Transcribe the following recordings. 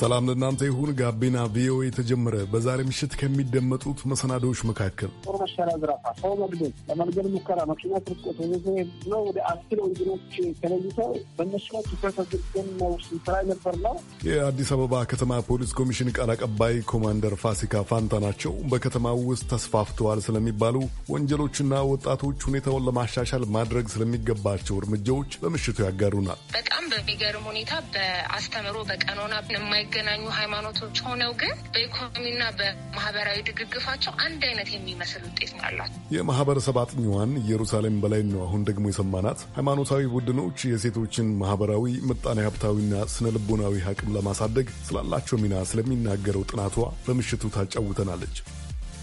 ሰላም ለእናንተ ይሁን። ጋቢና ቪኦኤ የተጀመረ በዛሬ ምሽት ከሚደመጡት መሰናዶዎች መካከል ጦር መሳሪያ ዝራፋ፣ ሰው መግደል፣ ሙከራ፣ መኪና ስርቆት ወደ አስር ወንጀሎች ተለይተው በእነሱ ላይ ትኩረት አድርገን ነው ስራ ነበር ነው። የአዲስ አበባ ከተማ ፖሊስ ኮሚሽን ቃል አቀባይ ኮማንደር ፋሲካ ፋንታ ናቸው። በከተማው ውስጥ ተስፋፍተዋል ስለሚባሉ ወንጀሎችና ወጣቶች ሁኔታውን ለማሻሻል ማድረግ ስለሚገባቸው እርምጃዎች በምሽቱ ያጋሩናል። በጣም በሚገርም ሁኔታ በአስተምሮ በቀኖና የሚገናኙ ሃይማኖቶች ሆነው ግን በኢኮኖሚና በማህበራዊ ድግግፋቸው አንድ አይነት የሚመስል ውጤት ነው ያላቸው። የማህበረሰብ አጥኚዋን ኢየሩሳሌም በላይ ነው አሁን ደግሞ የሰማናት ሃይማኖታዊ ቡድኖች የሴቶችን ማህበራዊ፣ ምጣኔ ሀብታዊና ስነ ልቦናዊ አቅም ለማሳደግ ስላላቸው ሚና ስለሚናገረው ጥናቷ በምሽቱ ታጫውተናለች።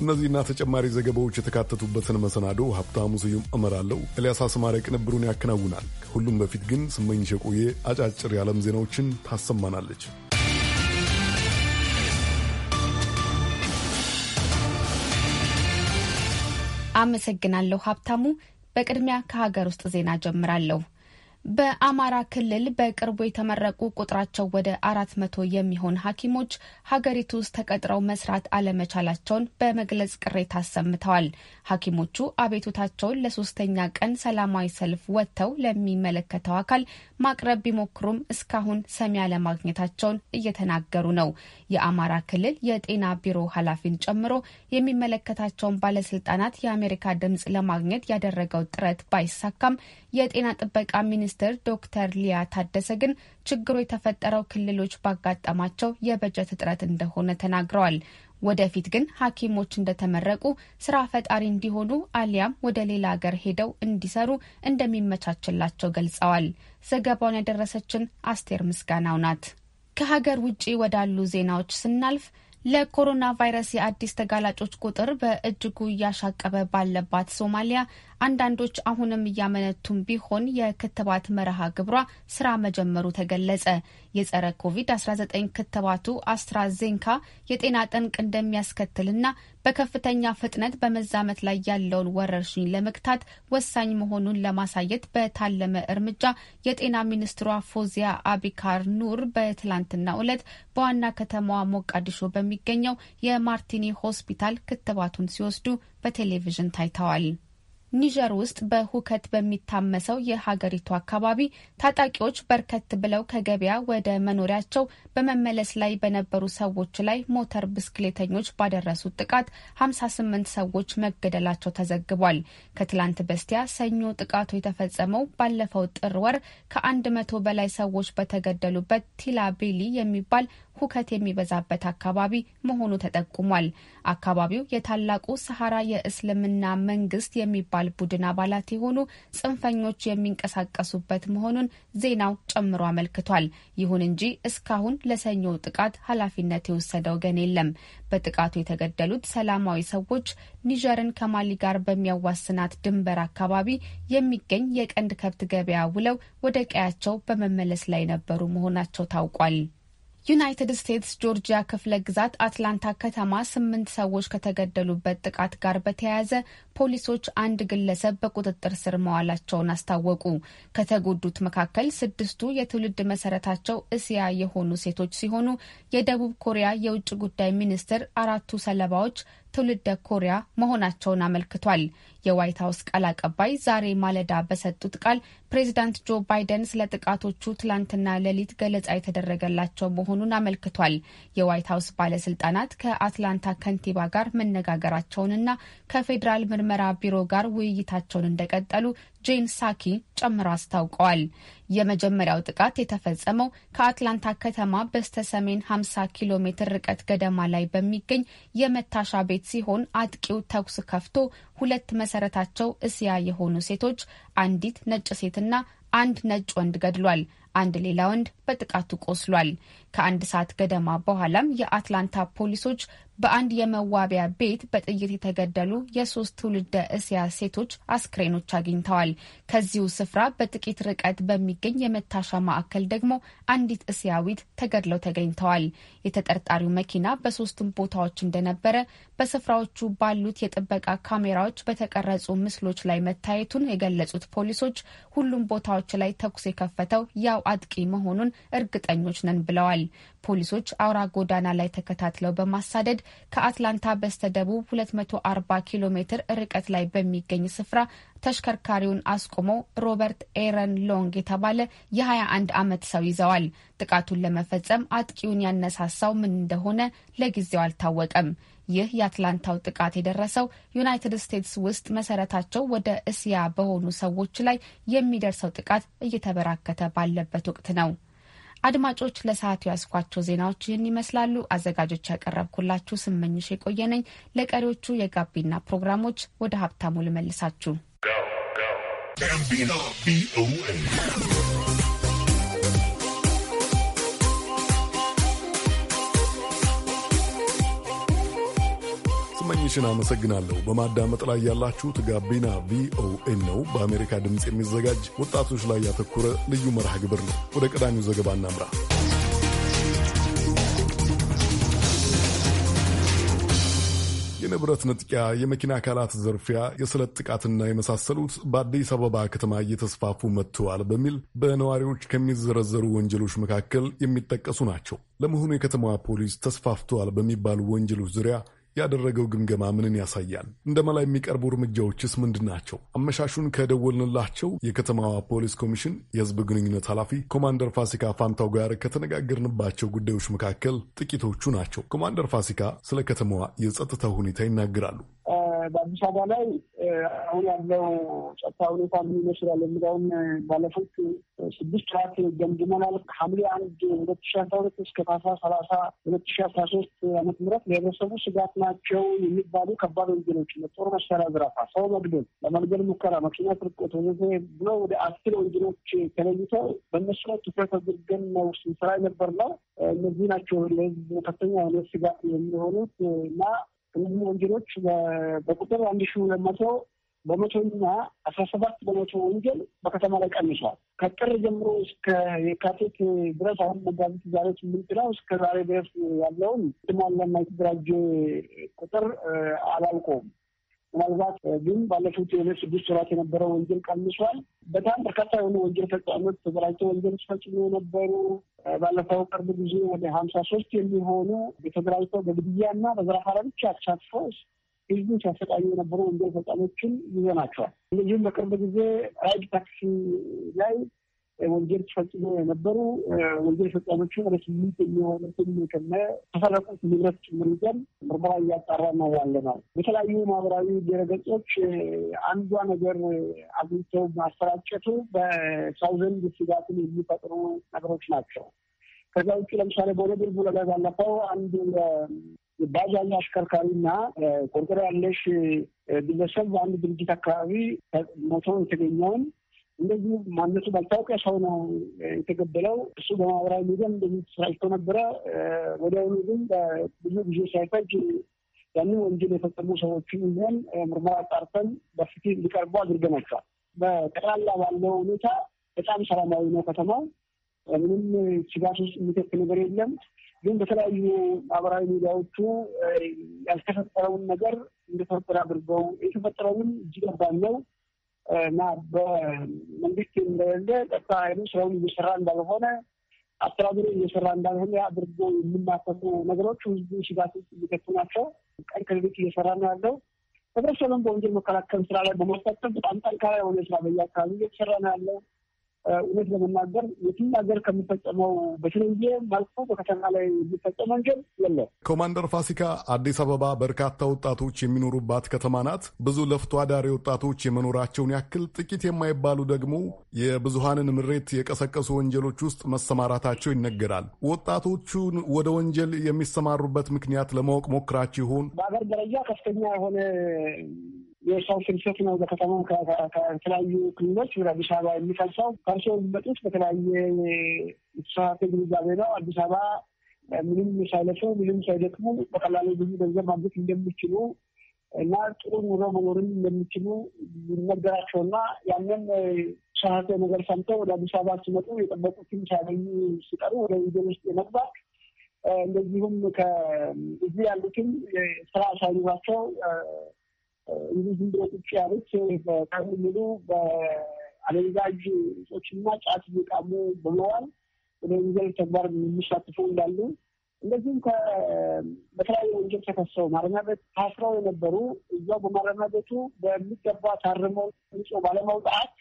እነዚህና ተጨማሪ ዘገባዎች የተካተቱበትን መሰናዶ ሀብታሙ ስዩም እመራለሁ። ኤልያስ አስማሪ ቅንብሩን ያከናውናል። ከሁሉም በፊት ግን ስመኝሽ የቆየ አጫጭር የዓለም ዜናዎችን ታሰማናለች። አመሰግናለሁ ሀብታሙ። በቅድሚያ ከሀገር ውስጥ ዜና ጀምራለሁ። በአማራ ክልል በቅርቡ የተመረቁ ቁጥራቸው ወደ አራት መቶ የሚሆን ሐኪሞች ሀገሪቱ ውስጥ ተቀጥረው መስራት አለመቻላቸውን በመግለጽ ቅሬታ አሰምተዋል። ሐኪሞቹ አቤቱታቸውን ለሶስተኛ ቀን ሰላማዊ ሰልፍ ወጥተው ለሚመለከተው አካል ማቅረብ ቢሞክሩም እስካሁን ሰሚ አለማግኘታቸውን እየተናገሩ ነው። የአማራ ክልል የጤና ቢሮ ኃላፊን ጨምሮ የሚመለከታቸውን ባለስልጣናት የአሜሪካ ድምፅ ለማግኘት ያደረገው ጥረት ባይሳካም የጤና ጥበቃ ሚኒስትር ዶክተር ሊያ ታደሰ ግን ችግሩ የተፈጠረው ክልሎች ባጋጠማቸው የበጀት እጥረት እንደሆነ ተናግረዋል። ወደፊት ግን ሐኪሞች እንደተመረቁ ስራ ፈጣሪ እንዲሆኑ አሊያም ወደ ሌላ ሀገር ሄደው እንዲሰሩ እንደሚመቻችላቸው ገልጸዋል። ዘገባውን ያደረሰችን አስቴር ምስጋናው ናት። ከሀገር ውጪ ወዳሉ ዜናዎች ስናልፍ ለኮሮና ቫይረስ የአዲስ ተጋላጮች ቁጥር በእጅጉ እያሻቀበ ባለባት ሶማሊያ አንዳንዶች አሁንም እያመነቱም ቢሆን የክትባት መርሃ ግብሯ ስራ መጀመሩ ተገለጸ። የጸረ ኮቪድ-19 ክትባቱ አስትራዜንካ የጤና ጠንቅ እንደሚያስከትልና በከፍተኛ ፍጥነት በመዛመት ላይ ያለውን ወረርሽኝ ለመግታት ወሳኝ መሆኑን ለማሳየት በታለመ እርምጃ የጤና ሚኒስትሯ ፎዚያ አቢካር ኑር በትላንትናው ዕለት በዋና ከተማዋ ሞቃዲሾ በሚገኘው የማርቲኒ ሆስፒታል ክትባቱን ሲወስዱ በቴሌቪዥን ታይተዋል። ኒጀር ውስጥ በሁከት በሚታመሰው የሀገሪቱ አካባቢ ታጣቂዎች በርከት ብለው ከገበያ ወደ መኖሪያቸው በመመለስ ላይ በነበሩ ሰዎች ላይ ሞተር ብስክሌተኞች ባደረሱት ጥቃት 58 ሰዎች መገደላቸው ተዘግቧል። ከትላንት በስቲያ ሰኞ ጥቃቱ የተፈጸመው ባለፈው ጥር ወር ከአንድ 100 በላይ ሰዎች በተገደሉበት ቲላቤሊ የሚባል ሁከት የሚበዛበት አካባቢ መሆኑ ተጠቁሟል። አካባቢው የታላቁ ሰሐራ የእስልምና መንግስት የሚባል ቡድን አባላት የሆኑ ጽንፈኞች የሚንቀሳቀሱበት መሆኑን ዜናው ጨምሮ አመልክቷል። ይሁን እንጂ እስካሁን ለሰኞው ጥቃት ኃላፊነት የወሰደ ወገን የለም። በጥቃቱ የተገደሉት ሰላማዊ ሰዎች ኒጀርን ከማሊ ጋር በሚያዋስናት ድንበር አካባቢ የሚገኝ የቀንድ ከብት ገበያ ውለው ወደ ቀያቸው በመመለስ ላይ ነበሩ መሆናቸው ታውቋል። ዩናይትድ ስቴትስ ጆርጂያ ክፍለ ግዛት አትላንታ ከተማ ስምንት ሰዎች ከተገደሉበት ጥቃት ጋር በተያያዘ ፖሊሶች አንድ ግለሰብ በቁጥጥር ስር መዋላቸውን አስታወቁ። ከተጎዱት መካከል ስድስቱ የትውልድ መሰረታቸው እስያ የሆኑ ሴቶች ሲሆኑ የደቡብ ኮሪያ የውጭ ጉዳይ ሚኒስትር አራቱ ሰለባዎች ትውልደ ኮሪያ መሆናቸውን አመልክቷል። የዋይት ሀውስ ቃል አቀባይ ዛሬ ማለዳ በሰጡት ቃል ፕሬዚዳንት ጆ ባይደን ስለ ጥቃቶቹ ትላንትና ሌሊት ገለጻ የተደረገላቸው መሆኑን አመልክቷል። የዋይት ሀውስ ባለስልጣናት ከአትላንታ ከንቲባ ጋር መነጋገራቸውንና ከፌዴራል ምርመራ ቢሮ ጋር ውይይታቸውን እንደቀጠሉ ጄን ሳኪ ጨምሮ አስታውቀዋል። የመጀመሪያው ጥቃት የተፈጸመው ከአትላንታ ከተማ በስተ ሰሜን 50 ኪሎ ሜትር ርቀት ገደማ ላይ በሚገኝ የመታሻ ቤት ሴት ሲሆን አጥቂው ተኩስ ከፍቶ ሁለት መሰረታቸው እስያ የሆኑ ሴቶች፣ አንዲት ነጭ ሴትና አንድ ነጭ ወንድ ገድሏል። አንድ ሌላ ወንድ በጥቃቱ ቆስሏል። ከአንድ ሰዓት ገደማ በኋላም የአትላንታ ፖሊሶች በአንድ የመዋቢያ ቤት በጥይት የተገደሉ የሶስት ትውልደ እስያ ሴቶች አስክሬኖች አግኝተዋል። ከዚሁ ስፍራ በጥቂት ርቀት በሚገኝ የመታሻ ማዕከል ደግሞ አንዲት እስያዊት ተገድለው ተገኝተዋል። የተጠርጣሪው መኪና በሶስቱም ቦታዎች እንደነበረ በስፍራዎቹ ባሉት የጥበቃ ካሜራዎች በተቀረጹ ምስሎች ላይ መታየቱን የገለጹት ፖሊሶች ሁሉም ቦታዎች ላይ ተኩስ የከፈተው ያው አጥቂ መሆኑን እርግጠኞች ነን ብለዋል። ፖሊሶች አውራ ጎዳና ላይ ተከታትለው በማሳደድ ከአትላንታ በስተደቡብ 240 ኪሎ ሜትር ርቀት ላይ በሚገኝ ስፍራ ተሽከርካሪውን አስቆሞ ሮበርት ኤረን ሎንግ የተባለ የ21 ዓመት ሰው ይዘዋል። ጥቃቱን ለመፈጸም አጥቂውን ያነሳሳው ምን እንደሆነ ለጊዜው አልታወቀም። ይህ የአትላንታው ጥቃት የደረሰው ዩናይትድ ስቴትስ ውስጥ መሰረታቸው ወደ እስያ በሆኑ ሰዎች ላይ የሚደርሰው ጥቃት እየተበራከተ ባለበት ወቅት ነው። አድማጮች፣ ለሰዓቱ ያስኳቸው ዜናዎች ይህን ይመስላሉ። አዘጋጆች ያቀረብኩላችሁ ስመኝሽ የቆየነኝ። ለቀሪዎቹ የጋቢና ፕሮግራሞች ወደ ሀብታሙ ልመልሳችሁ። ጋቢና ስመኝሽን አመሰግናለሁ። በማዳመጥ ላይ ያላችሁት ጋቢና ቪኦኤ ነው፣ በአሜሪካ ድምፅ የሚዘጋጅ ወጣቶች ላይ ያተኮረ ልዩ መርሃ ግብር ነው። ወደ ቀዳሚው ዘገባ እናምራ። የንብረት ንጥቂያ፣ የመኪና አካላት ዘርፊያ፣ የስለት ጥቃትና የመሳሰሉት በአዲስ አበባ ከተማ እየተስፋፉ መጥተዋል በሚል በነዋሪዎች ከሚዘረዘሩ ወንጀሎች መካከል የሚጠቀሱ ናቸው። ለመሆኑ የከተማዋ ፖሊስ ተስፋፍተዋል በሚባሉ ወንጀሎች ዙሪያ ያደረገው ግምገማ ምንን ያሳያል? እንደ መላ የሚቀርቡ እርምጃዎችስ ምንድን ናቸው? አመሻሹን ከደወልንላቸው የከተማዋ ፖሊስ ኮሚሽን የህዝብ ግንኙነት ኃላፊ ኮማንደር ፋሲካ ፋንታው ጋር ከተነጋገርንባቸው ጉዳዮች መካከል ጥቂቶቹ ናቸው። ኮማንደር ፋሲካ ስለ ከተማዋ የጸጥታ ሁኔታ ይናገራሉ። በአዲስ አበባ ላይ አሁን ያለው ጸጥታ ሁኔታ ምን ይመስላል የሚለውን ባለፉት ስድስት ሰዓት ገምግመናል። ሐምሌ አንድ ሁለት ሺ አስራ ሁለት እስከ ታህሳስ ሰላሳ ሁለት ሺ አስራ ሶስት አመት ምረት ለህብረተሰቡ ስጋት ናቸው የሚባሉ ከባድ ወንጀሎች ጦር መሳሪያ ዝረፋ፣ ሰው መግደል፣ ለመግደል ሙከራ፣ መኪና ስርቆት ወዘተ ብሎ ወደ አስር ወንጀሎች ተለይተው በእነሱ ላይ ትኩረት አድርገን ነው ስንሰራ የነበር ነው። እነዚህ ናቸው ለህዝብ ከፍተኛ የሆነ ስጋት የሚሆኑት እና እነዚህ ወንጀሎች በቁጥር አንድ ሺ ሁለት መቶ በመቶና አስራ ሰባት በመቶ ወንጀል በከተማ ላይ ቀንሷል። ከጥር ጀምሮ እስከ የካቴት ድረስ አሁን መጋቢት ዛሬ ስምንት ነው እስከ ዛሬ ድረስ ያለውን ትማን ለማይተደራጀ ቁጥር አላልቆም ምናልባት ግን ባለፉት የሆነ ስድስት ወራት የነበረው ወንጀል ቀንሷል። በጣም በርካታ የሆኑ ወንጀል ፈጻሚዎች ተደራጅተው ወንጀል ሲፈጽሙ የነበሩ ባለፈው ቅርብ ጊዜ ወደ ሀምሳ ሶስት የሚሆኑ የተደራጅተው በግድያና በዘረፋ ላይ ብቻ ተሳትፈው ህዝቡ ሲያሰቃዩ የነበሩ ወንጀል ፈጻሚዎችን ይዘናቸዋል። እነዚህም በቅርብ ጊዜ ራይድ ታክሲ ላይ ወንጀል ፈጽሞ የነበሩ ወንጀል ፈጻሚዎች ወደ ስምንት የሚሆኑትን ከነ ተፈረቁት ንብረት ጭምር ይዘን ምርመራ እያጣራ ነው ያለ ነው። የተለያዩ ማህበራዊ ድረገጾች አንዷ ነገር አግኝተው ማሰራጨቱ በሰው ዘንድ ስጋትን የሚፈጥሩ ነገሮች ናቸው። ከዛ ውጭ ለምሳሌ በወደ ድርቡ ለጋ ባለፈው አንድ ባጃጅ አሽከርካሪና ቆርቆሮ ያለሽ ግለሰብ በአንድ ድርጅት አካባቢ ሞቶ የተገኘውን እንደዚህ ማነቱ ባልታወቀ ሰው ነው የተገበለው። እሱ በማህበራዊ ሚዲያ እንደዚህ ተሰራጭቶ ነበረ። ወዲያውኑ ግን ብዙ ጊዜ ሳይፈጅ ያንን ወንጀል የፈጸሙ ሰዎችን ይዘን ምርመራ አጣርተን በፊት እንዲቀርቡ አድርገናቸዋል። በጠቅላላ ባለው ሁኔታ በጣም ሰላማዊ ነው ከተማው። ምንም ስጋት ውስጥ የሚተክ ነገር የለም። ግን በተለያዩ ማህበራዊ ሚዲያዎቹ ያልተፈጠረውን ነገር እንደተፈጠረ አድርገው የተፈጠረውን እጅግ አባል ነው እና በመንግስት እንደሌለ ጸጥታ ኃይሉ ስራውን እየሰራ እንዳልሆነ አስተዳደሩ እየሰራ እንዳልሆነ አድርጎ የሚናፈሱ ነገሮች ህዝቡ ስጋት ውስጥ የሚከቱ ናቸው። ቀን ከሌሊት እየሰራ ነው ያለው። ህብረተሰብን በወንጀል መከላከል ስራ ላይ በማሳተፍ በጣም ጠንካራ የሆነ ስራ በየአካባቢ እየተሰራ ነው ያለው። እውነት ለመናገር የትም ሀገር ከሚፈጸመው በተለየ ማልፎ በከተማ ላይ የሚፈጸም ወንጀል የለም። ኮማንደር ፋሲካ፣ አዲስ አበባ በርካታ ወጣቶች የሚኖሩባት ከተማ ናት። ብዙ ለፍቶ አዳሪ ወጣቶች የመኖራቸውን ያክል ጥቂት የማይባሉ ደግሞ የብዙሃንን ምሬት የቀሰቀሱ ወንጀሎች ውስጥ መሰማራታቸው ይነገራል። ወጣቶቹን ወደ ወንጀል የሚሰማሩበት ምክንያት ለማወቅ ሞክራችሁ ይሆን? በአገር ደረጃ ከፍተኛ የሆነ የሰው ፍልሰት ነው። በከተማ ከተለያዩ ክልሎች ወደ አዲስ አበባ የሚፈልሰው ፈርሶ የሚመጡት በተለያየ የተሰራተ ግንዛቤ ነው። አዲስ አበባ ምንም ሳይለፉ ምንም ሳይደክሙ በቀላሉ ብዙ ገንዘብ ማግኘት እንደሚችሉ እና ጥሩ ኑሮ መኖርን እንደሚችሉ ይነገራቸውና ያንን ሰሀተ ነገር ሰምተው ወደ አዲስ አበባ ሲመጡ የጠበቁትን ሲያገኙ ሲቀሩ ወደ ወንጀል ውስጥ የመግባት እንደዚሁም ከዚህ ያሉትን ስራ ሳይኖራቸው ይህ ዝም ብሎ ቁጭ ያሉት ቀኑ ሙሉ በአደንዛዥ እጾችና ጫት እየቃሙ በመዋል ወደ ወንጀል ተግባር የሚሳትፉ እንዳሉ እንደዚሁም በተለያዩ ወንጀል ተከሰው ማረሚያ ቤት ታስረው የነበሩ እዛው በማረሚያ ቤቱ በሚገባ ታርመው ንጹ ባለመውጣት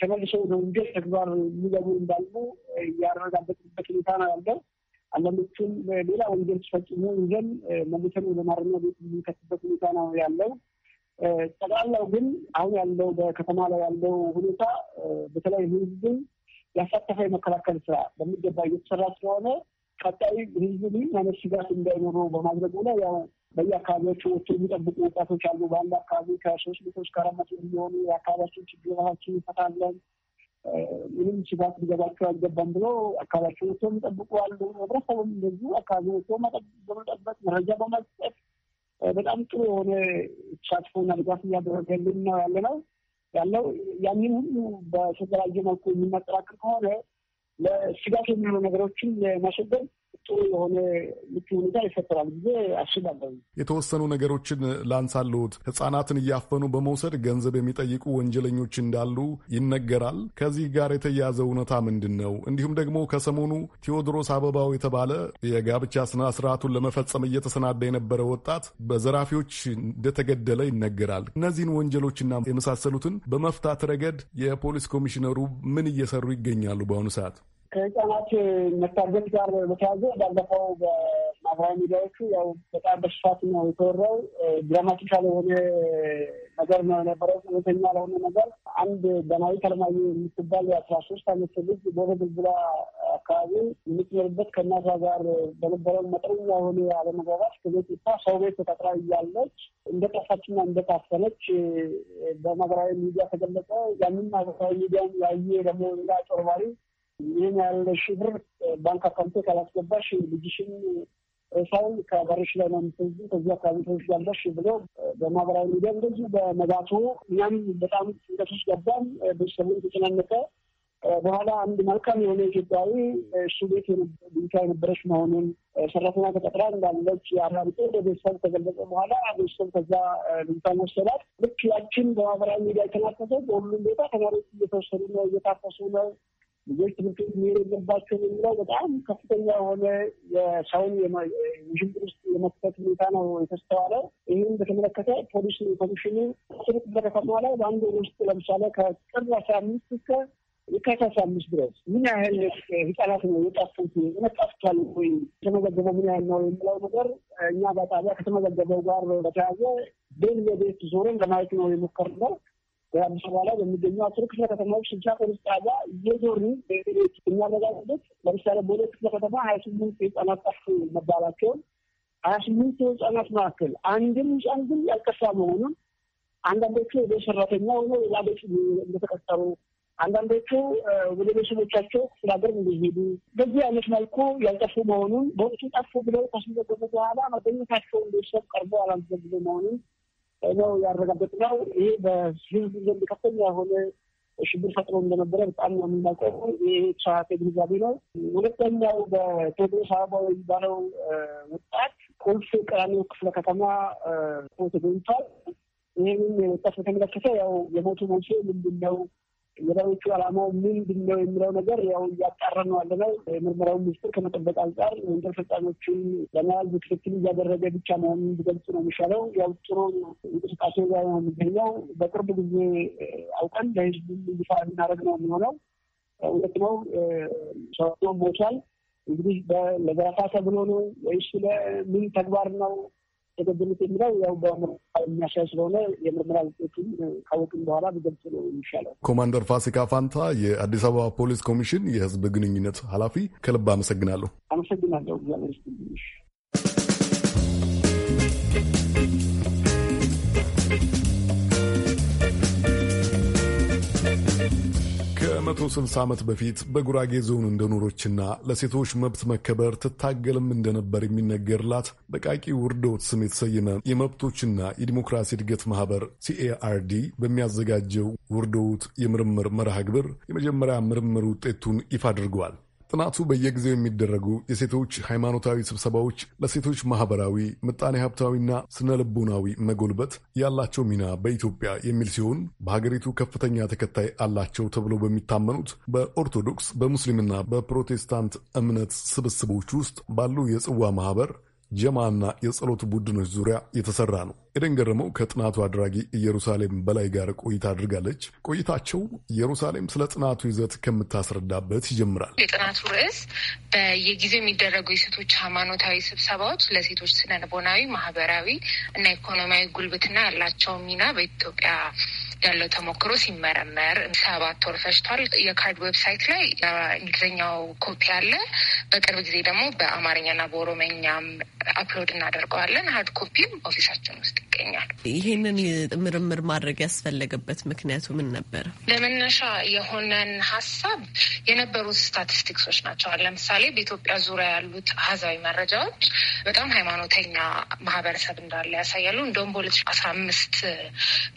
ተመልሰው ወደ ወንጀል ተግባር የሚገቡ እንዳሉ ያረጋገጥበት ሁኔታ ነው ያለው። አንዳንዶቹም ሌላ ወንጀል ሲፈጽሙ ይዘን መልሰን ወደ ማረሚያ ቤት የምንከትበት ሁኔታ ነው ያለው። ጠቅላላው ግን አሁን ያለው በከተማ ላይ ያለው ሁኔታ በተለይ ህዝብን ያሳተፈ የመከላከል ስራ በሚገባ እየተሰራ ስለሆነ ቀጣይ ህዝብ ግን አይነት ስጋት እንዳይኖሩ በማድረጉ ላይ ያው በየአካባቢዎቹ ወጥቶ የሚጠብቁ ወጣቶች አሉ። በአንድ አካባቢ ከሶስት መቶ እስከ አራት መቶ የሚሆኑ የአካባቢያችን ችግራችን ይፈታለን ምንም ስጋት ሊገባቸው አልገባም ብሎ አካባቢያቸው ወጥቶ የሚጠብቁ አሉ። ህብረተሰቡም እንደዚሁ አካባቢ ወጥቶ በመጠበቅ መረጃ በመስጠት በጣም ጥሩ የሆነ ተሳትፎና ድጋፍ እያደረገልን ነው ያለ ነው ያለው። ያንን ሁሉ በተደራጀ መልኩ የሚናጠራክር ከሆነ ለስጋት የሚሆኑ ነገሮችን ለማስወገድ ጥሩ የሆነ ምቹ ሁኔታ ይፈጠራል ጊዜ አስባለሁ። የተወሰኑ ነገሮችን ላንሳልሁት። ህጻናትን እያፈኑ በመውሰድ ገንዘብ የሚጠይቁ ወንጀለኞች እንዳሉ ይነገራል። ከዚህ ጋር የተያያዘ እውነታ ምንድን ነው? እንዲሁም ደግሞ ከሰሞኑ ቴዎድሮስ አበባው የተባለ የጋብቻ ስነ ስርዓቱን ለመፈጸም እየተሰናዳ የነበረ ወጣት በዘራፊዎች እንደተገደለ ይነገራል። እነዚህን ወንጀሎችና የመሳሰሉትን በመፍታት ረገድ የፖሊስ ኮሚሽነሩ ምን እየሰሩ ይገኛሉ በአሁኑ ሰዓት? ከህጻናት መታገት ጋር በተያዘ ባለፈው በማህበራዊ ሚዲያዎቹ ያው በጣም በስፋት ነው የተወራው። ድራማቲካል የሆነ ነገር ነው የነበረው። እውነተኛ ለሆነ ነገር አንድ በናዊ ተለማዩ የምትባል የአስራ ሶስት አመት ልጅ በበግዝላ አካባቢ የምትኖርበት ከእናቷ ጋር በነበረው መጠነኛ የሆነ አለመግባባት ከቤት ወጥታ ሰው ቤት ተቀጥራ እያለች እንደ እንደ ታፈነች በማህበራዊ ሚዲያ ተገለጸ። ያንን ማህበራዊ ሚዲያን ያየ ደግሞ ሌላ ጨርባሪ ይህን ያለ ሺህ ብር ባንክ አካውንቴ ካላስገባሽ ልጅሽን ሬሳውን ከበሬሽ ላይ ነው የምትይዙ ከዚህ አካባቢ ያለሽ ብሎ በማህበራዊ ሚዲያ እንደዚህ በመጋቶ እኛም በጣም ጭንቀቶች ገባን። ቤተሰቡን ተጨናነቀ። በኋላ አንድ መልካም የሆነ ኢትዮጵያዊ እሱ ቤት ብቻ የነበረች መሆኑን ሰራተኛ ተቀጥራ እንዳለች አራምጦ ወደ ቤተሰብ ተገለጸ። በኋላ ቤተሰብ ከዛ ልጅቷን ወሰዳት። ልክ ያችን በማህበራዊ ሚዲያ የተናፈሰ በሁሉም ቦታ ተማሪዎች እየተወሰዱ ነው፣ እየታፈሱ ነው ልጆች ትምህርት ቤት መሄድ የለባቸው የሚለው በጣም ከፍተኛ የሆነ የሰውን ውዥንብር ውስጥ የመክፈት ሁኔታ ነው የተስተዋለው። ይህም በተመለከተ ፖሊስ ኮሚሽኑ ስልክ በተከማ ላይ በአንድ ወር ውስጥ ለምሳሌ ከጥር አስራ አምስት እስከ የካቲት አስራ አምስት ድረስ ምን ያህል ህጻናት ነው የጠፉት? ጠፍቷል ወይ የተመዘገበው ምን ያህል ነው የሚለው ነገር እኛ በጣቢያ ከተመዘገበው ጋር በተያዘ ቤት ለቤት ዞረን ለማየት ነው የሞከርነው። በአዲስ አበባ ላይ በሚገኙ አስሩ ክፍለ ከተማዎች ስልሳ ፖሊስ ጣቢያ እየዞሩ የሚያረጋግጡት ለምሳሌ በሁለት ክፍለ ከተማ ሀያ ስምንት የህፃናት ጠፍ መባላቸውን ሀያ ስምንት የህፃናት መካከል አንድም ህፃን ግን ያልጠፋ መሆኑን አንዳንዶቹ ወደ ሰራተኛ ሆኖ ሌላ ቤት እንደተቀጠሩ አንዳንዶቹ ወደ ቤተሰቦቻቸው ክፍለ ሀገር እንደሄዱ በዚህ አይነት መልኩ ያልጠፉ መሆኑን በወቅቱ ጠፉ ብለው ከስንዘገቡ በኋላ መገኘታቸው እንደሰብ ቀርቦ አላንዘግበ መሆኑን ነው ያረጋገጥ ነው። ይሄ በህዝብ ዘንድ ከፍተኛ የሆነ ሽብር ፈጥሮ እንደነበረ በጣም ነው የምናውቀው። ይሄ የተሳሳተ ግንዛቤ ነው። ሁለተኛው በቴድሮስ አበባ የሚባለው ወጣት ቁልፍ ቀራኒዮ ክፍለ ከተማ ተገኝቷል። ይህንም ወጣት በተመለከተ ያው የሞቱ መንስኤ ምንድን ነው የበሮቹ ዓላማው ምንድን ነው የሚለው ነገር ያው እያጣራን ነው ነው። የምርመራውን ሚኒስትር ከመጠበቅ አንጻር ወንጀል ፈጻሚዎችን ለመያዝ ክትትል እያደረገ ብቻ መሆኑን ቢገልጽ ነው የሚሻለው። ያው ጥሩ እንቅስቃሴ ነው የሚገኘው። በቅርብ ጊዜ አውቀን ለህዝብ ይፋ የምናደርግ ነው የሚሆነው። እውነት ነው ሰው ሞቷል። እንግዲህ ለዘረፋ ተብሎ ነው ወይስ ለምን ተግባር ነው የተገደሉት የሚለው ያው የሚያሻይ ስለሆነ የምርመራ ውጤቱን ካወቅን በኋላ ቢገልጽ ነው የሚሻለው። ኮማንደር ፋሲካ ፋንታ የአዲስ አበባ ፖሊስ ኮሚሽን የህዝብ ግንኙነት ኃላፊ፣ ከልብ አመሰግናለሁ። አመሰግናለሁ። ከ160 ዓመት በፊት በጉራጌ ዞን እንደኖሮችና ለሴቶች መብት መከበር ትታገልም እንደነበር የሚነገርላት በቃቂ ውርዶት ስም የተሰየመ የመብቶችና የዲሞክራሲ እድገት ማህበር ሲኤአርዲ በሚያዘጋጀው ውርዶት የምርምር መርሃ ግብር የመጀመሪያ ምርምር ውጤቱን ይፋ አድርገዋል። ጥናቱ በየጊዜው የሚደረጉ የሴቶች ሃይማኖታዊ ስብሰባዎች ለሴቶች ማህበራዊ፣ ምጣኔ ሀብታዊና ስነ ልቦናዊ መጎልበት ያላቸው ሚና በኢትዮጵያ የሚል ሲሆን በሀገሪቱ ከፍተኛ ተከታይ አላቸው ተብሎ በሚታመኑት በኦርቶዶክስ በሙስሊምና በፕሮቴስታንት እምነት ስብስቦች ውስጥ ባሉ የጽዋ ማህበር ጀማና የጸሎት ቡድኖች ዙሪያ የተሰራ ነው። ኤደን ገረመው ከጥናቱ አድራጊ ኢየሩሳሌም በላይ ጋር ቆይታ አድርጋለች። ቆይታቸው ኢየሩሳሌም ስለ ጥናቱ ይዘት ከምታስረዳበት ይጀምራል። የጥናቱ ርዕስ በየጊዜው የሚደረጉ የሴቶች ሃይማኖታዊ ስብሰባዎች ለሴቶች ስነልቦናዊ፣ ማህበራዊ እና ኢኮኖሚያዊ ጉልብትና ያላቸው ሚና በኢትዮጵያ ያለው ተሞክሮ ሲመረመር ሰባት ወር ፈጅቷል። የካርድ ዌብሳይት ላይ እንግሊዝኛው ኮፒ አለ። በቅርብ ጊዜ ደግሞ በአማርኛና በኦሮመኛም አፕሎድ እናደርገዋለን። ሀርድ ኮፒም ኦፊሳችን ውስጥ ይገኛል። ይህንን ምርምር ማድረግ ያስፈለገበት ምክንያቱ ምን ነበር? ለመነሻ የሆነን ሀሳብ የነበሩት ስታቲስቲክሶች ናቸዋል። ለምሳሌ በኢትዮጵያ ዙሪያ ያሉት አህዛዊ መረጃዎች በጣም ሃይማኖተኛ ማህበረሰብ እንዳለ ያሳያሉ። እንደውም በሁለት አስራ አምስት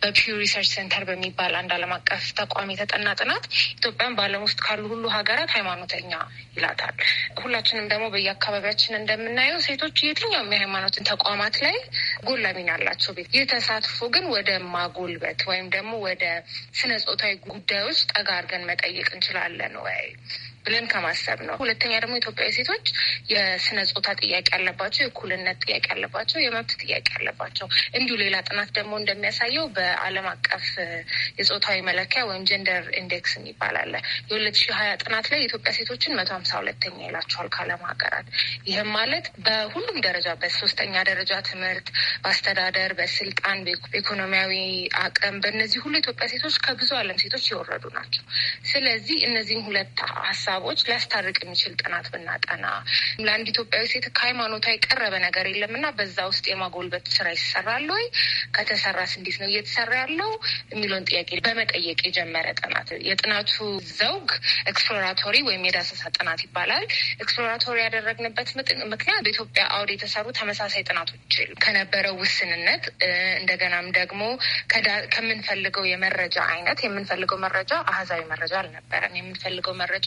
በፒው ሪሰርች ሴንተር በሚባል አንድ ዓለም አቀፍ ተቋም የተጠና ጥናት ኢትዮጵያን በዓለም ውስጥ ካሉ ሁሉ ሀገራት ሃይማኖተኛ ይላታል። ሁላችንም ደግሞ በየአካባቢያችን እንደምናየው ሴቶች የትኛውም የሃይማኖትን ተቋማት ላይ ጎላ ሚና አላቸው። አላቸው። ቤት ተሳትፎ ግን ወደ ማጎልበት ወይም ደግሞ ወደ ስነ ጾታዊ ጉዳዮች ጠጋ አድርገን መጠየቅ እንችላለን ወይ ብለን ከማሰብ ነው። ሁለተኛ ደግሞ ኢትዮጵያዊ ሴቶች የስነ ጾታ ጥያቄ አለባቸው፣ የእኩልነት ጥያቄ አለባቸው፣ የመብት ጥያቄ አለባቸው። እንዲሁ ሌላ ጥናት ደግሞ እንደሚያሳየው በዓለም አቀፍ የጾታዊ መለኪያ ወይም ጀንደር ኢንዴክስ የሚባል አለ። የሁለት ሺህ ሀያ ጥናት ላይ የኢትዮጵያ ሴቶችን መቶ ሀምሳ ሁለተኛ ይላቸዋል ከዓለም ሀገራት። ይህም ማለት በሁሉም ደረጃ በሶስተኛ ደረጃ ትምህርት፣ በአስተዳደር፣ በስልጣን፣ በኢኮኖሚያዊ አቅም በእነዚህ ሁሉ ኢትዮጵያ ሴቶች ከብዙ ዓለም ሴቶች የወረዱ ናቸው። ስለዚህ እነዚህም ሁለት ሀሳብ ሀሳቦች ሊያስታርቅ የሚችል ጥናት ብናጠና ለአንድ ኢትዮጵያዊ ሴት ከሃይማኖቷ የቀረበ ነገር የለም እና በዛ ውስጥ የማጎልበት ስራ ይሰራል ወይ? ከተሰራስ እንዴት ነው እየተሰራ ያለው የሚለውን ጥያቄ በመጠየቅ የጀመረ ጥናት። የጥናቱ ዘውግ ኤክስፕሎራቶሪ ወይም የዳሰሳ ጥናት ይባላል። ኤክስፕሎራቶሪ ያደረግንበት ምክንያት በኢትዮጵያ አውድ የተሰሩ ተመሳሳይ ጥናቶች ከነበረው ውስንነት እንደገናም ደግሞ ከምንፈልገው የመረጃ አይነት የምንፈልገው መረጃ አህዛዊ መረጃ አልነበረም። የምንፈልገው መረጃ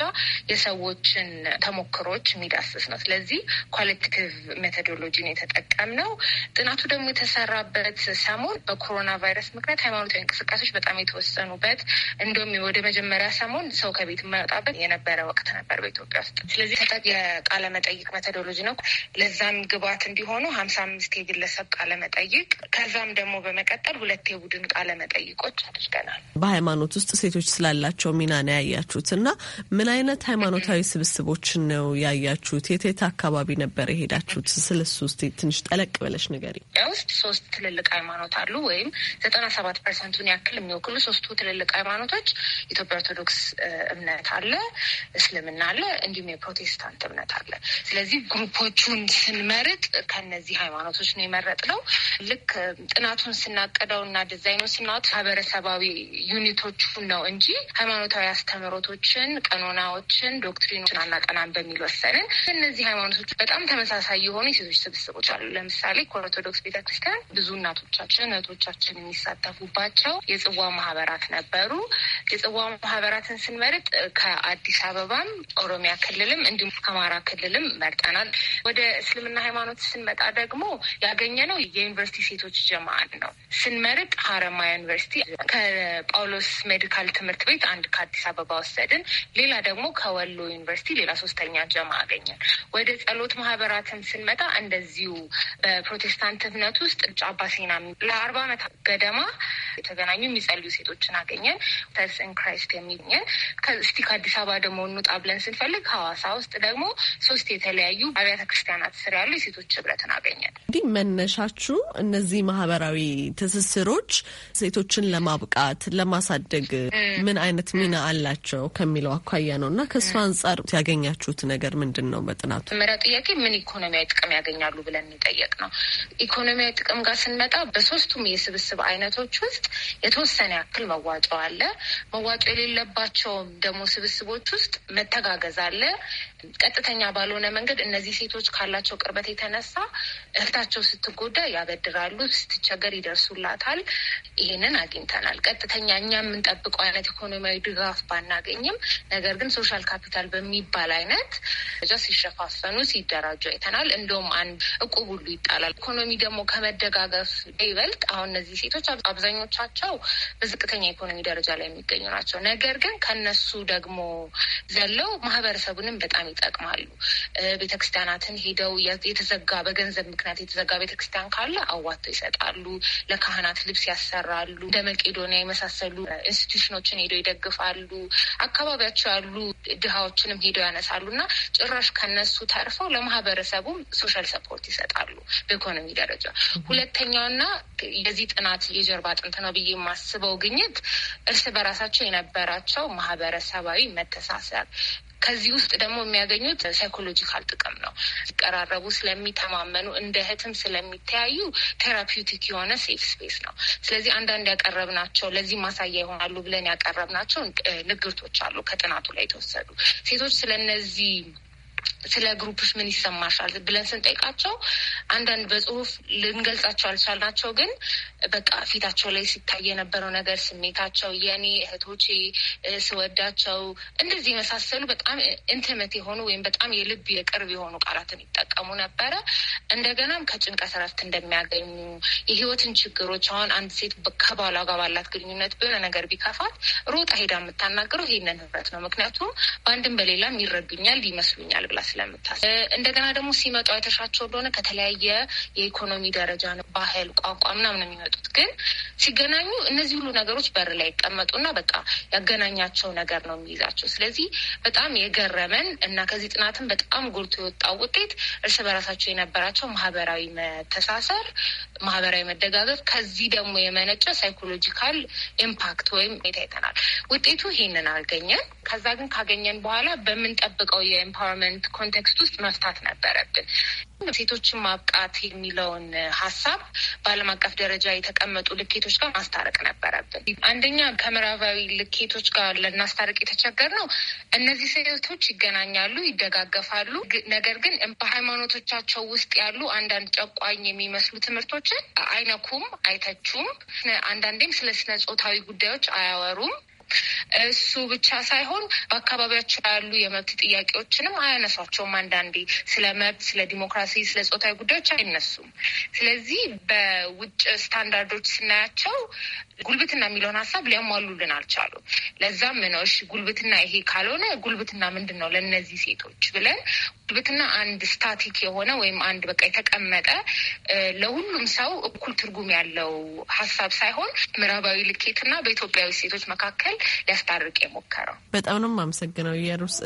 የሰዎችን ተሞክሮች የሚዳስስ ነው። ስለዚህ ኳሊቲቲቭ ሜቶዶሎጂን የተጠቀም ነው። ጥናቱ ደግሞ የተሰራበት ሰሞን በኮሮና ቫይረስ ምክንያት ሃይማኖታዊ እንቅስቃሴዎች በጣም የተወሰኑበት እንደውም ወደ መጀመሪያ ሰሞን ሰው ከቤት የማይወጣበት የነበረ ወቅት ነበር በኢትዮጵያ ውስጥ። ስለዚህ የቃለ መጠይቅ ሜቶዶሎጂ ነው። ለዛም ግብዓት እንዲሆኑ ሀምሳ አምስት የግለሰብ ቃለ መጠይቅ ከዛም ደግሞ በመቀጠል ሁለት የቡድን ቃለ መጠይቆች አድርገናል። በሃይማኖት ውስጥ ሴቶች ስላላቸው ሚና ነው ያያችሁት እና ምን አይነት አይነት ሃይማኖታዊ ስብስቦችን ነው ያያችሁት? የት የት አካባቢ ነበር የሄዳችሁት? ስለ እሱ ውስጥ ትንሽ ጠለቅ ብለሽ ንገሪ። ኢትዮጵያ ውስጥ ሶስት ትልልቅ ሃይማኖት አሉ ወይም ዘጠና ሰባት ፐርሰንቱን ያክል የሚወክሉ ሶስቱ ትልልቅ ሃይማኖቶች ኢትዮጵያ ኦርቶዶክስ እምነት አለ፣ እስልምና አለ፣ እንዲሁም የፕሮቴስታንት እምነት አለ። ስለዚህ ግሩፖቹን ስንመርጥ ከነዚህ ሃይማኖቶች ነው የመረጥነው። ልክ ጥናቱን ስናቀደው እና ዲዛይኑን ስናወጥ ማህበረሰባዊ ዩኒቶቹ ነው እንጂ ሃይማኖታዊ አስተምሮቶችን ቀኖናዎች ሃይማኖቶችን ዶክትሪኖችን አናጠናም በሚል ወሰንን። እነዚህ ሃይማኖቶች በጣም ተመሳሳይ የሆኑ የሴቶች ስብስቦች አሉ። ለምሳሌ ኦርቶዶክስ ቤተክርስቲያን ብዙ እናቶቻችን እህቶቻችን የሚሳተፉባቸው የጽዋ ማህበራት ነበሩ። የጽዋ ማህበራትን ስንመርጥ ከአዲስ አበባም ኦሮሚያ ክልልም እንዲሁም ከአማራ ክልልም መርጠናል። ወደ እስልምና ሃይማኖት ስንመጣ ደግሞ ያገኘነው የዩኒቨርሲቲ ሴቶች ጀማአን ነው። ስንመርጥ ሀረማያ ዩኒቨርሲቲ ከጳውሎስ ሜዲካል ትምህርት ቤት አንድ ከአዲስ አበባ ወሰድን። ሌላ ደግሞ ከወሎ ዩኒቨርሲቲ ሌላ ሶስተኛ ጀማ አገኘን። ወደ ጸሎት ማህበራትን ስንመጣ እንደዚሁ በፕሮቴስታንት እምነት ውስጥ አባ ሲና ለአርባ አመት ገደማ የተገናኙ የሚጸልዩ ሴቶችን አገኘን። ተስ ኢን ክራይስት የሚገኘን እስቲ ከአዲስ አበባ ደግሞ እንውጣ ብለን ስንፈልግ ሀዋሳ ውስጥ ደግሞ ሶስት የተለያዩ አብያተ ክርስቲያናት ስር ያሉ የሴቶች ህብረትን አገኘን። እንዲህ መነሻችሁ እነዚህ ማህበራዊ ትስስሮች ሴቶችን ለማብቃት ለማሳደግ ምን አይነት ሚና አላቸው ከሚለው አኳያ ነው እና ከእሱ አንጻር ያገኛችሁት ነገር ምንድን ነው? በጥናቱ መጀመሪያው ጥያቄ ምን ኢኮኖሚያዊ ጥቅም ያገኛሉ ብለን የጠየቅ ነው። ኢኮኖሚያዊ ጥቅም ጋር ስንመጣ በሶስቱም የስብስብ አይነቶች ውስጥ የተወሰነ ያክል መዋጮ አለ። መዋጮ የሌለባቸውም ደግሞ ስብስቦች ውስጥ መተጋገዝ አለ። ቀጥተኛ ባልሆነ መንገድ እነዚህ ሴቶች ካላቸው ቅርበት የተነሳ እህታቸው ስትጎዳ ያበድራሉ፣ ስትቸገር ይደርሱላታል። ይሄንን አግኝተናል። ቀጥተኛ እኛ የምንጠብቀው አይነት ኢኮኖሚያዊ ድጋፍ ባናገኝም፣ ነገር ግን ሶሻል ካፒታል በሚባል አይነት ጃ ሲሸፋፈኑ ሲደራጁ አይተናል። እንደውም አንድ እቁብ ሁሉ ይጣላል። ኢኮኖሚ ደግሞ ከመደጋገፍ ይበልጥ አሁን እነዚህ ሴቶች አብዛኞቻቸው በዝቅተኛ ኢኮኖሚ ደረጃ ላይ የሚገኙ ናቸው። ነገር ግን ከነሱ ደግሞ ዘለው ማህበረሰቡንም በጣም ይጠቅማሉ። ቤተክርስቲያናትን ሄደው የተዘጋ በገንዘብ ምክንያት የተዘጋ ቤተክርስቲያን ካለ አዋቶ ይሰጣሉ። ለካህናት ልብስ ያሰራሉ። እንደ መቄዶኒያ የመሳሰሉ ኢንስቲቱሽኖችን ሄደው ይደግፋሉ። አካባቢያቸው ያሉ ድሃዎችንም ሄደው ያነሳሉ እና ጭራሽ ከነሱ ተርፈው ለማህበረሰቡም ሶሻል ሰፖርት ይሰጣሉ በኢኮኖሚ ደረጃ። ሁለተኛውና የዚህ ጥናት የጀርባ አጥንት ነው ብዬ የማስበው ግኝት እርስ በራሳቸው የነበራቸው ማህበረሰባዊ መተሳሰር ከዚህ ውስጥ ደግሞ የሚያገኙት ሳይኮሎጂካል ጥቅም ነው። ሲቀራረቡ ስለሚተማመኑ፣ እንደ እህትም ስለሚተያዩ ቴራፒውቲክ የሆነ ሴፍ ስፔስ ነው። ስለዚህ አንዳንድ ያቀረብናቸው ለዚህ ማሳያ ይሆናሉ ብለን ያቀረብናቸው ንግርቶች አሉ ከጥናቱ ላይ የተወሰዱ ሴቶች ስለነዚህ ስለ ግሩፕስ ምን ይሰማሻል ብለን ስንጠይቃቸው አንዳንድ በጽሁፍ ልንገልጻቸው አልቻልናቸው፣ ግን በቃ ፊታቸው ላይ ሲታይ የነበረው ነገር ስሜታቸው፣ የኔ እህቶቼ ስወዳቸው፣ እንደዚህ የመሳሰሉ በጣም ኢንቲመት የሆኑ ወይም በጣም የልብ የቅርብ የሆኑ ቃላትን ይጠቀሙ ነበረ። እንደገናም ከጭንቀት እረፍት እንደሚያገኙ የህይወትን ችግሮች አሁን አንድ ሴት ከባሏ ጋር ባላት ግንኙነት በሆነ ነገር ቢከፋት ሮጣ ሄዳ የምታናገረው ይህንን ህብረት ነው። ምክንያቱም በአንድም በሌላም ይረዱኛል ይመስሉኛል ብላ ስለምታስብ እንደገና ደግሞ ሲመጡ አይተሻቸው እንደሆነ ከተለያየ የኢኮኖሚ ደረጃ ነው፣ ባህል፣ ቋንቋ ምናምን የሚመጡት ግን ሲገናኙ እነዚህ ሁሉ ነገሮች በር ላይ ይቀመጡና በቃ ያገናኛቸው ነገር ነው የሚይዛቸው። ስለዚህ በጣም የገረመን እና ከዚህ ጥናትም በጣም ጎልቶ የወጣው ውጤት እርስ በራሳቸው የነበራቸው ማህበራዊ መተሳሰር፣ ማህበራዊ መደጋገፍ ከዚህ ደግሞ የመነጨ ሳይኮሎጂካል ኢምፓክት ወይም ሁኔታ ይተናል። ውጤቱ ይሄንን አገኘን። ከዛ ግን ካገኘን በኋላ በምንጠብቀው የኤምፓወርመንት ኮንቴክስት ውስጥ መፍታት ነበረብን። ሴቶችን ማብቃት የሚለውን ሀሳብ በዓለም አቀፍ ደረጃ የተቀመጡ ልኬቶች ጋር ማስታረቅ ነበረብን። አንደኛ ከምዕራባዊ ልኬቶች ጋር ለናስታረቅ የተቸገር ነው። እነዚህ ሴቶች ይገናኛሉ፣ ይደጋገፋሉ። ነገር ግን በሃይማኖቶቻቸው ውስጥ ያሉ አንዳንድ ጨቋኝ የሚመስሉ ትምህርቶችን አይነኩም፣ አይተቹም። አንዳንዴም ስለ ስነ ጾታዊ ጉዳዮች አያወሩም። እሱ ብቻ ሳይሆን በአካባቢያቸው ያሉ የመብት ጥያቄዎችንም አያነሷቸውም። አንዳንዴ ስለ መብት፣ ስለ ዲሞክራሲ፣ ስለ ጾታዊ ጉዳዮች አይነሱም። ስለዚህ በውጭ ስታንዳርዶች ስናያቸው ጉልብትና የሚለውን ሀሳብ ሊያሟሉልን አልቻሉ። ለዛም ነው እሺ ጉልብትና ይሄ ካልሆነ ጉልብትና ምንድን ነው ለእነዚህ ሴቶች ብለን ጉልብትና አንድ ስታቲክ የሆነ ወይም አንድ በቃ የተቀመጠ ለሁሉም ሰው እኩል ትርጉም ያለው ሀሳብ ሳይሆን ምዕራባዊ ልኬትና በኢትዮጵያዊ ሴቶች መካከል ሊያስታርቅ የሞከረው። በጣም ነው የማመሰግነው ኢየሩስ።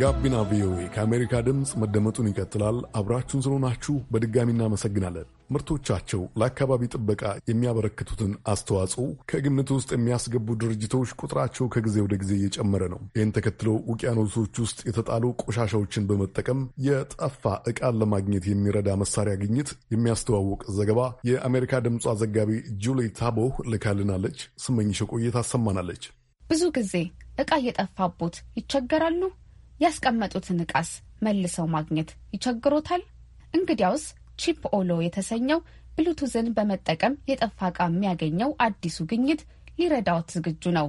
ጋቢና ቪኦኤ ከአሜሪካ ድምፅ መደመጡን ይቀጥላል። አብራችሁን ስለሆናችሁ በድጋሚ እናመሰግናለን። ምርቶቻቸው ለአካባቢ ጥበቃ የሚያበረክቱትን አስተዋጽኦ ከግምት ውስጥ የሚያስገቡ ድርጅቶች ቁጥራቸው ከጊዜ ወደ ጊዜ እየጨመረ ነው። ይህን ተከትሎ ውቅያኖሶች ውስጥ የተጣሉ ቆሻሻዎችን በመጠቀም የጠፋ ዕቃን ለማግኘት የሚረዳ መሳሪያ ግኝት የሚያስተዋውቅ ዘገባ የአሜሪካ ድምጿ ዘጋቢ ጁሊ ታቦ ልካልናለች። ስመኝሽ ቆየት አሰማናለች። ብዙ ጊዜ ዕቃ እየጠፋቦት ይቸገራሉ። ያስቀመጡትን ዕቃስ መልሰው ማግኘት ይቸግሮታል። እንግዲያውስ ቺፕ ኦሎ የተሰኘው ብሉቱዝን በመጠቀም የጠፋ እቃ የሚያገኘው አዲሱ ግኝት ሊረዳዎት ዝግጁ ነው።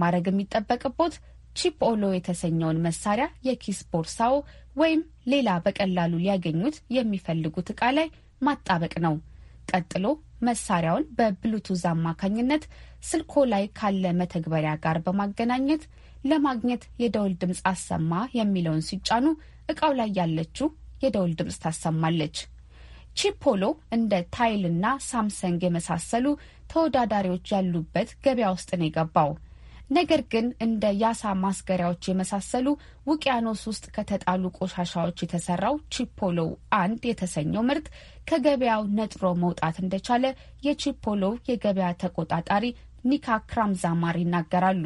ማድረግ የሚጠበቅቦት ቺፕ ኦሎ የተሰኘውን መሳሪያ የኪስ ቦርሳው ወይም ሌላ በቀላሉ ሊያገኙት የሚፈልጉት እቃ ላይ ማጣበቅ ነው። ቀጥሎ መሳሪያውን በብሉቱዝ አማካኝነት ስልኮ ላይ ካለ መተግበሪያ ጋር በማገናኘት ለማግኘት የደወል ድምፅ አሰማ የሚለውን ሲጫኑ እቃው ላይ ያለችው የደወል ድምፅ ታሰማለች። ቺፖሎ እንደ ታይል እና ሳምሰንግ የመሳሰሉ ተወዳዳሪዎች ያሉበት ገበያ ውስጥ ነው የገባው። ነገር ግን እንደ ያሳ ማስገሪያዎች የመሳሰሉ ውቅያኖስ ውስጥ ከተጣሉ ቆሻሻዎች የተሰራው ቺፖሎ አንድ የተሰኘው ምርት ከገበያው ነጥሮ መውጣት እንደቻለ የቺፖሎ የገበያ ተቆጣጣሪ ኒካ ክራምዛማር ይናገራሉ።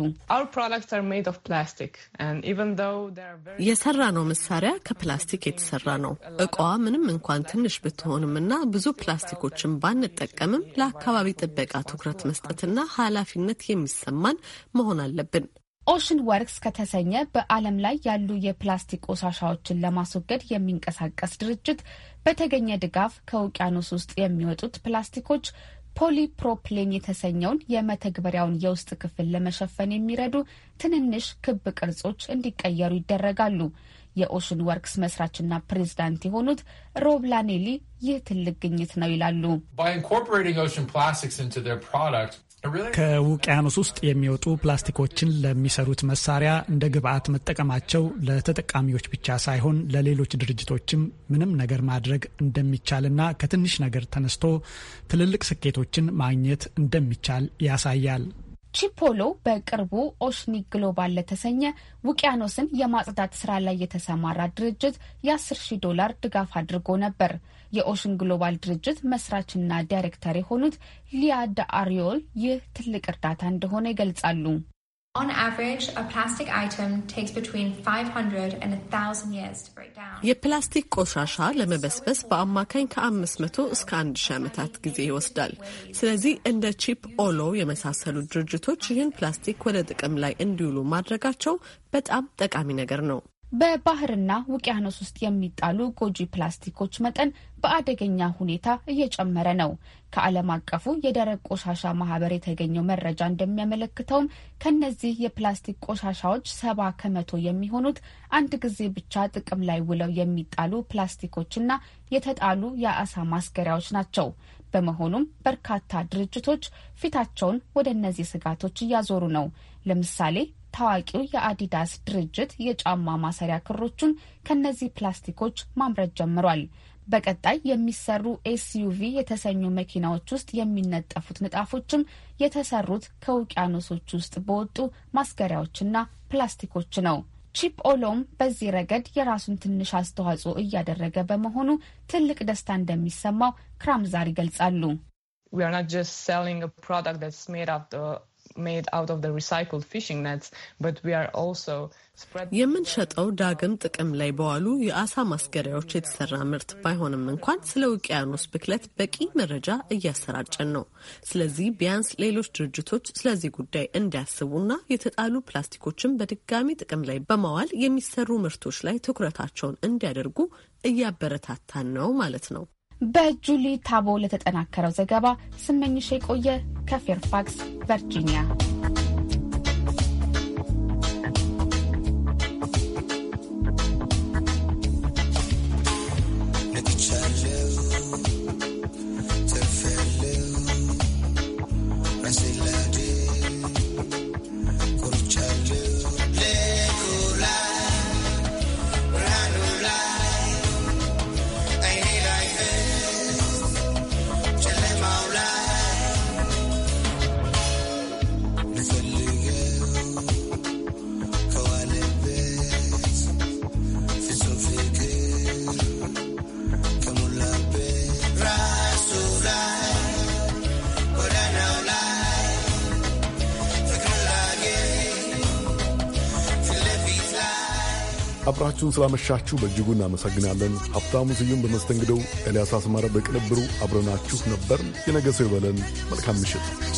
የሰራነው መሳሪያ ከፕላስቲክ የተሰራ ነው። እቃዋ ምንም እንኳን ትንሽ ብትሆንም እና ብዙ ፕላስቲኮችን ባንጠቀምም ለአካባቢ ጥበቃ ትኩረት መስጠትና ኃላፊነት የሚሰማን መሆን አለብን። ኦሽን ወርክስ ከተሰኘ በዓለም ላይ ያሉ የፕላስቲክ ቆሻሻዎችን ለማስወገድ የሚንቀሳቀስ ድርጅት በተገኘ ድጋፍ ከውቅያኖስ ውስጥ የሚወጡት ፕላስቲኮች ፖሊፕሮፕሌን የተሰኘውን የመተግበሪያውን የውስጥ ክፍል ለመሸፈን የሚረዱ ትንንሽ ክብ ቅርጾች እንዲቀየሩ ይደረጋሉ። የኦሽን ወርክስ መስራችና ፕሬዝዳንት የሆኑት ሮብ ላኔሊ ይህ ትልቅ ግኝት ነው ይላሉ። ከውቅያኖስ ውስጥ የሚወጡ ፕላስቲኮችን ለሚሰሩት መሳሪያ እንደ ግብዓት መጠቀማቸው ለተጠቃሚዎች ብቻ ሳይሆን ለሌሎች ድርጅቶችም ምንም ነገር ማድረግ እንደሚቻልና ከትንሽ ነገር ተነስቶ ትልልቅ ስኬቶችን ማግኘት እንደሚቻል ያሳያል። ቺፖሎ በቅርቡ ኦሽኒ ግሎባል ለተሰኘ ውቅያኖስን የማጽዳት ስራ ላይ የተሰማራ ድርጅት የ10 ሺህ ዶላር ድጋፍ አድርጎ ነበር። የኦሽን ግሎባል ድርጅት መስራችና ዳይሬክተር የሆኑት ሊያ አሪዮል ይህ ትልቅ እርዳታ እንደሆነ ይገልጻሉ። የፕላስቲክ ቆሻሻ ለመበስበስ በአማካኝ ከ500 እስከ 1000 ዓመታት ጊዜ ይወስዳል። ስለዚህ እንደ ቺፕ ኦሎ የመሳሰሉ ድርጅቶች ይህን ፕላስቲክ ወደ ጥቅም ላይ እንዲውሉ ማድረጋቸው በጣም ጠቃሚ ነገር ነው። በባህርና ውቅያኖስ ውስጥ የሚጣሉ ጎጂ ፕላስቲኮች መጠን በአደገኛ ሁኔታ እየጨመረ ነው። ከዓለም አቀፉ የደረቅ ቆሻሻ ማህበር የተገኘው መረጃ እንደሚያመለክተውም ከነዚህ የፕላስቲክ ቆሻሻዎች ሰባ ከመቶ የሚሆኑት አንድ ጊዜ ብቻ ጥቅም ላይ ውለው የሚጣሉ ፕላስቲኮችና የተጣሉ የአሳ ማስገሪያዎች ናቸው። በመሆኑም በርካታ ድርጅቶች ፊታቸውን ወደ እነዚህ ስጋቶች እያዞሩ ነው። ለምሳሌ ታዋቂው የአዲዳስ ድርጅት የጫማ ማሰሪያ ክሮቹን ከነዚህ ፕላስቲኮች ማምረት ጀምሯል። በቀጣይ የሚሰሩ ኤስዩቪ የተሰኙ መኪናዎች ውስጥ የሚነጠፉት ንጣፎችም የተሰሩት ከውቅያኖሶች ውስጥ በወጡ ማስገሪያዎችና ፕላስቲኮች ነው። ቺፕ ኦሎም በዚህ ረገድ የራሱን ትንሽ አስተዋጽኦ እያደረገ በመሆኑ ትልቅ ደስታ እንደሚሰማው ክራምዛር ይገልጻሉ። We are not just selling a product that's made out of የምንሸጠው ዳግም ጥቅም ላይ በዋሉ የአሳ ማስገሪያዎች የተሰራ ምርት ባይሆንም እንኳን ስለ ውቅያኖስ ብክለት በቂ መረጃ እያሰራጨን ነው። ስለዚህ ቢያንስ ሌሎች ድርጅቶች ስለዚህ ጉዳይ እንዲያስቡና የተጣሉ ፕላስቲኮችን በድጋሚ ጥቅም ላይ በማዋል የሚሰሩ ምርቶች ላይ ትኩረታቸውን እንዲያደርጉ እያበረታታን ነው ማለት ነው። በጁሊ ታቦ ለተጠናከረው ዘገባ ስመኝሽ የቆየ ከፌርፋክስ ቨርጂኒያ አብራችሁን ስላመሻችሁ በእጅጉ እናመሰግናለን። ሀብታሙ ስዩም በመስተንግደው፣ ኤልያስ አስማረ በቅንብሩ አብረናችሁ ነበር። የነገ ሰው ይበለን። መልካም ምሽት።